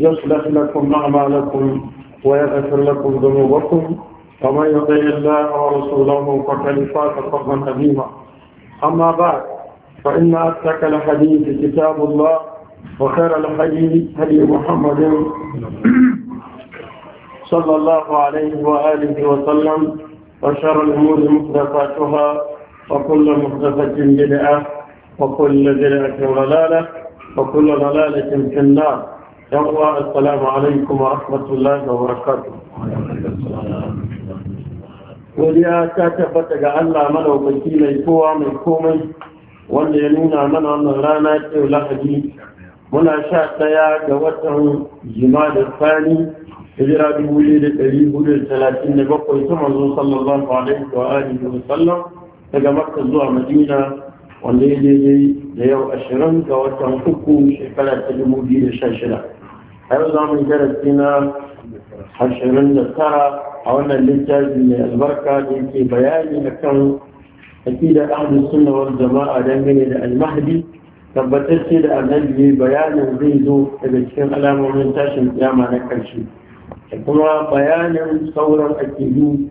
يصلح لكم أعمالكم ويغفر لكم ذنوبكم ومن يطع الله ورسوله فقد فاز فضلا عظيما أما بعد فإن أتك الحديث كتاب الله وخير الحديث هدي محمد صلى الله عليه وآله وسلم وشر الأمور محدثاتها وكل محدثة بدعة وكل بدعة ضلالة وكل ضلالة في النار alaikum يوم السلام عليكم ورحمة الله وبركاته وليا كاتبت جعلنا من mai kowa mai komai, wanda ya nuna mana wannan rana ce lahadi muna sha ɗaya ga watan da tsani hijira dubu biyu da ɗari hudu da talatin da bakwai ta manzo sallallahu alaihi wa alihi wa sallam daga makka zuwa madina wanda ya daidai da yau ashirin ga watan uku shekara ta dubu biyu da sha shida حيوضعوا من جرى السنة حشرون السرى حولنا اللجاز من البركة في بيان مكان أكيد أهل السنة والجماعة لأمين المهدي ثبت السيد النبي بيان وزيزو إذا كان على مومنتاش يا مالك الشيء كما بيان صورا أكيد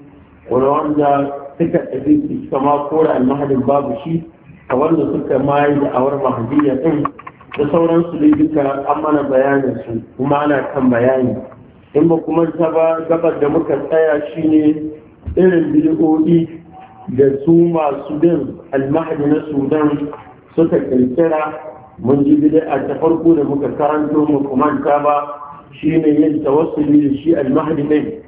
ولوان ذا تكا أبيت كما قول المهدي الباب الشيء أولا تكا ماي أور مهدية da sauransu dai duka an mana bayanin su kuma ana kan bayani in ba kuma ta ba gabar da muka tsaya shi ne irin bidiyoyi da su masu bin almahadi na sudan suka kirkira mun ji a ta farko da muka karanto mu kuma ta ba shi ne yin tawassuli da shi almahadi ne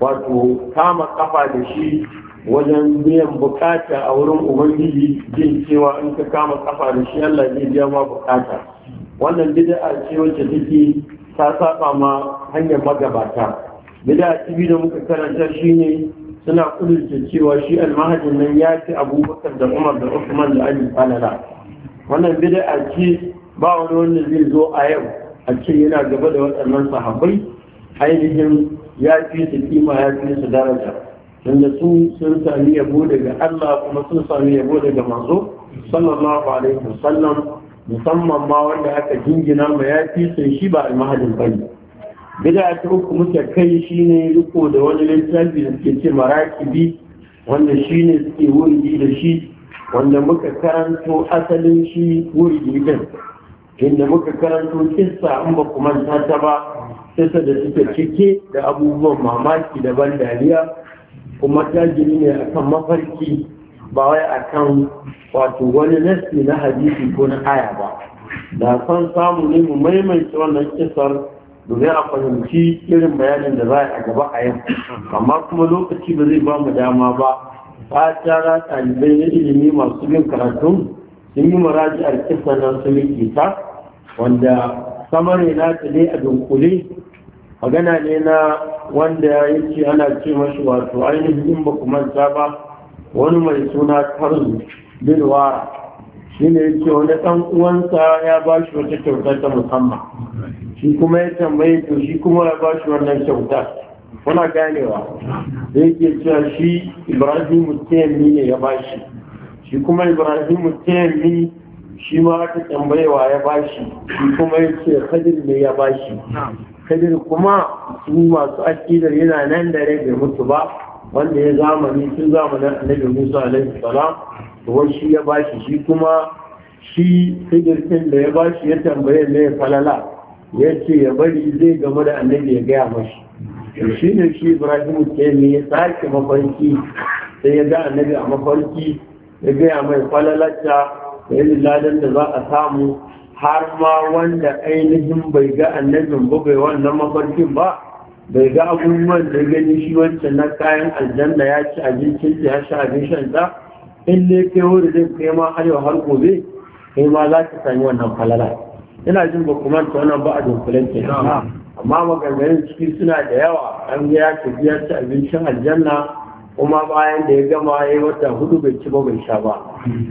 wato kama kafa da shi wajen biyan bukata a wurin ubangiji jin cewa in ka kama kafa da shi Allah zai biya ma bukata wannan bid'a ce wacce take ta saba ma hanyar magabata bid'a tibi da muka karanta shine suna kudurta cewa shi almahajin nan ya ci abubakar da umar da usman da ali falala wannan bid'a ce ba wani wanda zai zo a yau a ce yana gaba da waɗannan sahabbai ainihin ya fi su kima ya fi su daraja tunda sun sun sami yabo daga Allah kuma sun sami yabo daga manzo sallallahu alaihi wasallam musamman ma wanda aka jingina ma ya fi sun shi ba almahadin bane bida ta uku muke kai shine riko da wani littafi da suke ce marakibi wanda shine suke wuridi da shi wanda muka karanto asalin shi wuridi din inda muka karanto kissa in ba kuma ta ba sai da suke cike da abubuwan mamaki da ban dariya kuma jajiri ne akan mafarki ba wai akan wato wani nasi na hadisi ko na aya ba da san samu ne mu maimaita wannan kisar domin a fahimci irin bayanin da za a gaba a yau amma kuma lokaci ba zai ba mu dama ba fata na ɗalibai na ilimi masu bin karatu sun yi a kisar nan su yi kisa, wanda samari na ta ne a dunkule magana ne na wanda ya ce ana ce mashi wato ainihin ba ku manta ba wani mai suna karin bilwa shi ne ya ce wani ɗan uwansa ya ba shi wata kyauta ta musamman shi kuma ya tambaye to shi kuma ya ba shi wannan kyauta kuna ganewa da yake cewa shi ibrahim tayami ne ya ba shi shi kuma ibrahim tayami shi ma aka tambayewa ya ba shi shi kuma ya ce kadin ne ya ba shi kadir kuma su masu aƙidar yana nan da bai mutu ba wanda ya zamani sun zamanin annabi musa alaihi salam to shi ya bashi shi kuma shi kabir da ya bashi ya tambaye ne falala ya ce ya bari zai game da annabi ya gaya mashi shi ne shi ibrahim ke ne ya sake mafarki sai ya ga annabi a mafarki ya gaya mai falalacca da yin ladan da za a samu har ma wanda ainihin bai ga annabin ba bai wannan mafarkin ba bai ga abubuwan da gani shi wancan na kayan aljanna ya ci abincin ya sha abin shan in ne kai wuri zai kai ma har har gobe kai ma za ka sami wannan falala ina jin ba kuma ta wannan ba a dunkulen ke amma maganganun ciki suna da yawa an ga ya tafi ya abincin aljanna kuma bayan da ya gama ya yi wata hudu bai ci ba bai sha ba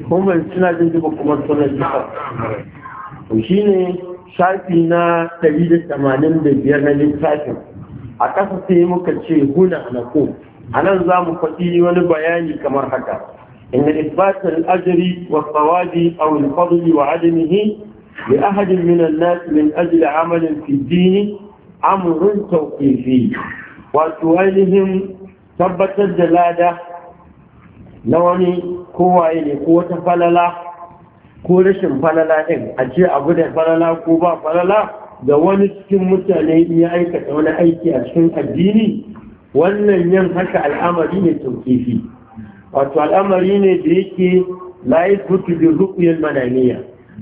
kuma suna jin ba kuma ta wannan to shi ne shafi na biyar na littafin a ƙasa sai muka ce huna na ko a nan za mu faɗi wani bayani kamar haka in isbatar ajiri wa tsawadi a wani fadli wa adamihi da ahadin minan nasu min ajiri a amalin fiddini amurin taukifi wato ainihin tabbatar da lada na wani kowaye ne ko wata falala ko rashin falala ɗin a ce abu da falala ko ba falala da wani cikin mutane ya aikata wani aiki a cikin addini wannan yin haka al'amari ne tauƙifi wato al'amari ne da yake layi kutu da rukuyar mananiya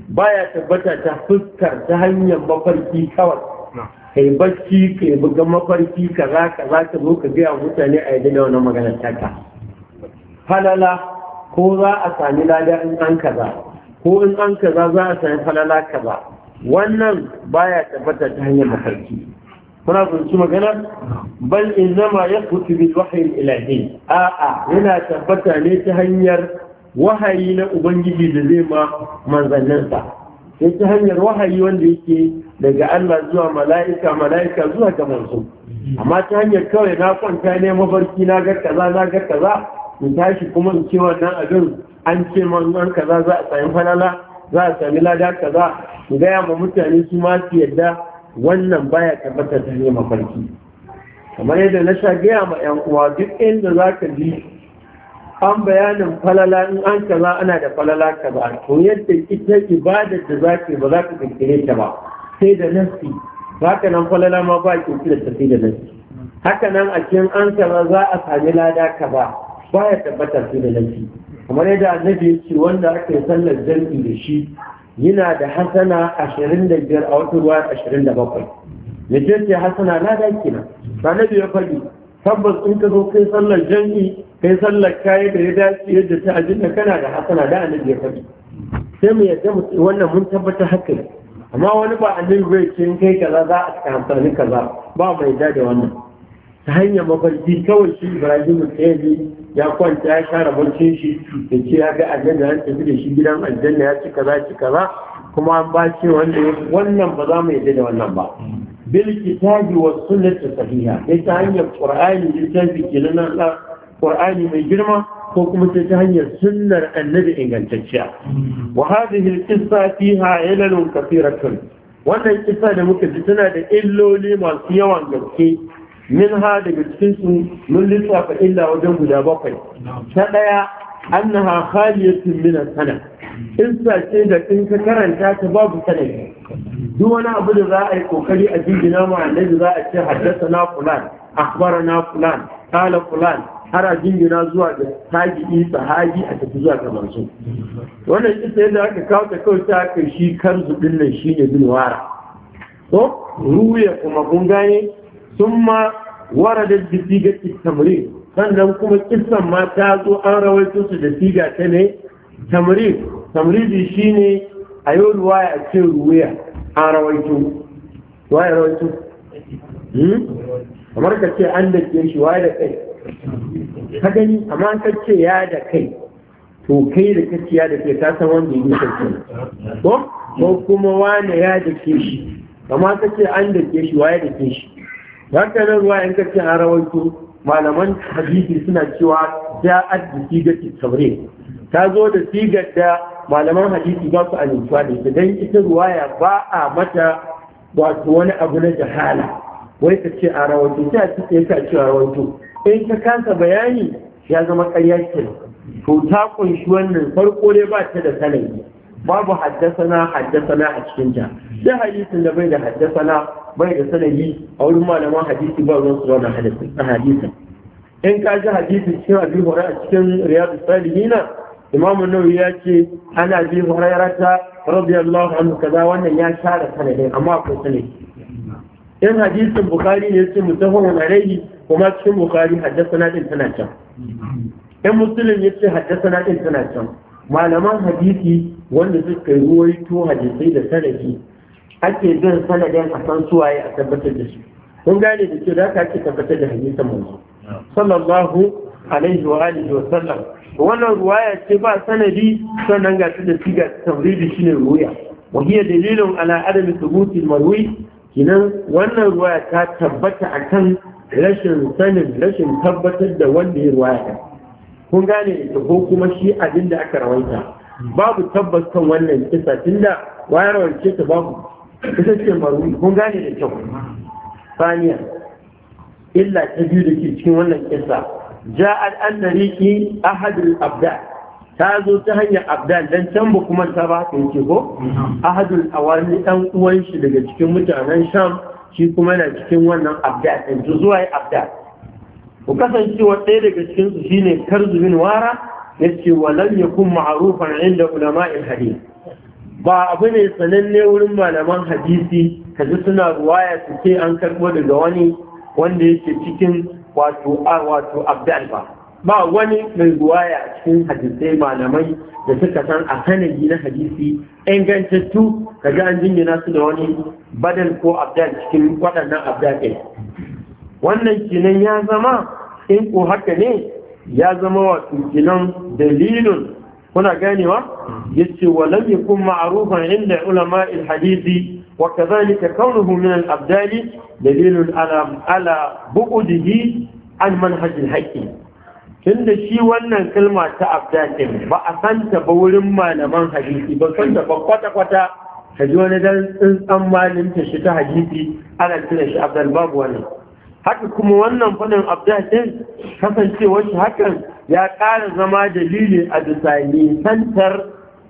baya tabbata ta fuskar ta hanyar mafarki kawai kai bacci kai buga mafarki kaza kaza ka zo ka gaya mutane a yadda da wani ta ka falala ko za a sami lada in an kaza ko in an kaza za a sami falala kaza wannan baya tabbata ta hanyar mafarki kuna fahimci magana bal innama ya kutu bil wahyi ilahi a'a yana tabbata ne ta hanyar wahayi na ubangiji da zai ma manzanninsa sai ta hanyar wahayi wanda yake daga Allah zuwa mala'ika mala'ika zuwa ga manzo amma ta hanyar kawai na kwanta ne mafarki na ga kaza na ga kaza in tashi kuma in ce wannan abin an ce man kaza za a sami falala za a sami lada kaza su gaya ma mutane su ma su yadda wannan baya tabbatar da ne mafarki kamar yadda na sha gaya ma yan uwa duk inda za ka ji an bayanin falala in an kaza ana da falala kaza to yadda ita ibadar da za ka ba za ka kankire ta ba sai da nafsi ka nan falala ma ba kira ta sai da nafsi haka nan a cikin an kaza za a sami lada kaza baya tabbatar sai da nafsi kamar yadda annabi ya ce wanda aka yi sallar jami'i da shi yana da hasana ashirin a wata ruwa ashirin da bakwai ya ce ce hasana na da ba na ya faɗi tabbas in ka zo kai sallar jami'i kai sallar kayi da ya dace yadda ta kana da hasana da annabi ya faɗi sai mu yadda wannan mun tabbatar haka ne. amma wani ba annabi bai ce kai kaza za a amfani kaza ba mai da wannan ta hanyar mafarki kawai shi ibrahim tsaye ya kwanta ya share barcin shi da ce ya ga aljanna ya tafi da shi gidan aljanna ya ci kaza ci kaza kuma an ba ce wanda wannan ba za mu yadda da wannan ba bil kitabi was sunnati sahiha sai ta hanyar qur'ani littafi kenan na qur'ani mai girma ko kuma sai ta hanyar sunnar annabi ingantacciya wa hadhihi al fiha ilalun kathiratun wannan kisa da muka ji tana da illoli masu yawan gaske min ha daga su mun lissafa illa wajen guda bakwai ta ɗaya annaha khaliyatun min sana insa ce da in ka karanta ta babu sanadi duk wani abu da za a yi kokari a jingina ma annabi za a ce haddasa na fulan akhbara na fulan kala fulan har a jingina zuwa ga tabi'i sahabi a tafi zuwa ga manzo wannan kisa yadda aka kawo ta kawai ta aka shi karzu din nan shine bin wara ko ruya kuma kun gane thumma waradat bi sigati tamrin sannan kuma kissan ma ta zo an rawaito su da siga ta ne tamrin tamridi shine a yau ruwaya a ce ruwaya an rawaito waye rawaito kamar ka ce an da ke shi waye da kai ka gani amma ka ce ya da kai to kai da kace ya da kai ta san wanda yake kai ko ko kuma wane ya da ke shi kamar ka ce an da ke shi waye da ke shi ya kai ruwa in kace a rawaito malaman hadisi suna cewa ja'at bi da tabrin ta zo da sigar da malaman hadisi ba su amintuwa da ita dan ita ruwaya ba a mata wato wani abu na jahala wai ka ce a rawaito ta ce ka ce a rawaito in ka kasa bayani ya zama ƙarya ce to ta kunshi wannan farko dai ba ta da sanadi babu haddasana haddasana a cikin ta sai hadisin da bai da haddasana bai da sanadi a wurin malaman hadisi ba ruwan su na hadisin in ka ji hadisi cikin abi hurairah a cikin riyadu salihina imamu nawawi ya ce ana abi hurairah radiyallahu anhu kaza wannan ya share sanadin amma akwai sanadi in hadisin bukari ne ce yace mutafawun alaihi kuma cikin bukhari haddasana din tana can in muslim yace haddasana din tana can malaman hadisi wanda suka yi ruwaito hadisai da sanadi ake bin sanadin a san ya a tabbatar da shi kun gane da ce za ka ake tabbatar da hadisan manzo sallallahu alaihi wa alihi wa sallam wannan ruwaya ce ba sanadi sannan ga su da siga tabridi shine ruwaya wa hiya dalilun ala adami thubuti marwi kinan wannan ruwaya ta tabbata akan rashin sanin rashin tabbatar da wanda ya ruwaya kun gane da ko kuma shi abin da aka rawaita babu tabbas kan wannan kisa tunda wayarwar ce ta babu ita ce maru kun gane da kyau saniya illa ta biyu da ke cikin wannan kisa Ja ja'al annariki ahadul abda ta zo ta hanyar abdal dan can ba kuma ta ba ta yake ko ahadul awani dan uwan shi daga cikin mutanen sham shi kuma na cikin wannan abdal din zuwa abdal ku kasancewa ɗaya daga cikinsu su shine karzubin wara yace walam yakun ma'rufan inda ulama'il hadith ba abu ne sananne wurin malaman hadisi kaji suna ruwaya su ce an karbo daga wani wanda yake cikin wato wato abdal ba ba wani mai ruwaya a cikin hadisai malamai da suka san a sanadi na hadisi ingantattu ga an jingina su da wani badal ko abdal cikin waɗannan abdal wannan kenan ya zama in ko haka ne ya zama wa kinan dalilun kuna ganewa yace wa lam yakun inda ulama al-hadisi wa kadhalika kaunuhu min al-abdali dalilun ala ala an manhajin haƙƙi. Tun da shi wannan kalma ta abdalin ba a santa ba wurin malaman hadisi ba santa ba kwata kwata ka ji wani dan tsuntsan malin ta shi ta hadisi ana tuna shi abdal babu wannan haka kuma wannan fadin Abdullahi din kasancewar shi hakan ya ƙara zama dalili a bisa nisantar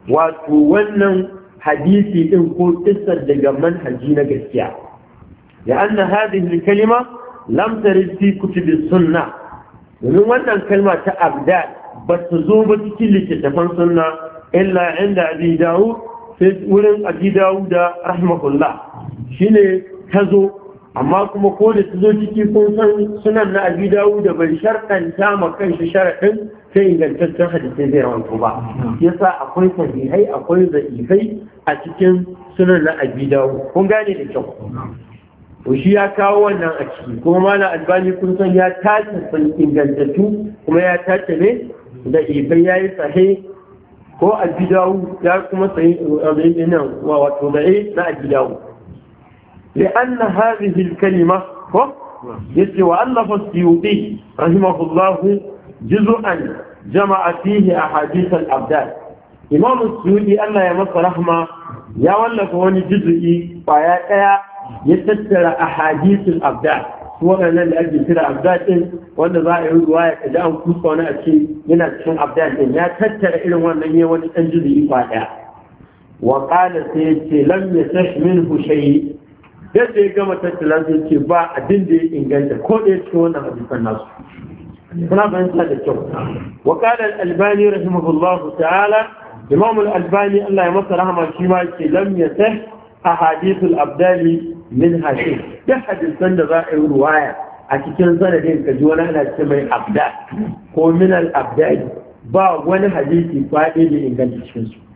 wato wannan hadisi din ko da daga manhaji na gaskiya ya anna hadhihi kalima lam tarid fi kutubi sunna domin wannan kalma ta abdal ba ta zo ba cikin littattafan sunna illa inda abi dawud sai wurin abi dawud rahimahullah shine ta zo amma kuma ko da su zo ciki kun san sunan na abi dawo da bai ta ma kanshi sharaɗin sai ingantaccen hadisi zai rawanto ba yasa akwai sahihai akwai za'ifai a cikin sunan na abi dawo kun gane da kyau to shi ya kawo wannan a ciki kuma mana albani kun san ya tace sun ingantattu kuma ya tace ne za'ifai ya yi sahi ko abi dawo ya kuma sahi wato da'i na abi dawo لأن هذه الكلمة يتوى ألف السيوطي رحمه الله جزءا جمع فيه أحاديث الأبدال إمام السيوطي ألا يمص رحمه يولى فهون جزء فياتيا يتسر أحاديث الأبدال وأنا لن أجد كده أبدال وأنا ضائع رواية إذا أن كنت أنا أشي من أشي أبدال لا تتسر إلى وأنا يولى أن جزء فياتيا وقال سيدي لم يصح منه شيء yadda ya gama tattala sai ce ba abin da ya inganta ko da ya cikin wannan hadisan nasu kuna fahimta da kyau wa al-albani rahimahullahu ta'ala imam al-albani Allah ya masa rahama shi ma yake lam yasah ahadith al-abdali min hadith duk hadisan da za a yi ruwaya a cikin sanadin ka ji wani ana ce mai abda ko min al-abdali ba wani hadisi faɗi da inganta cikin su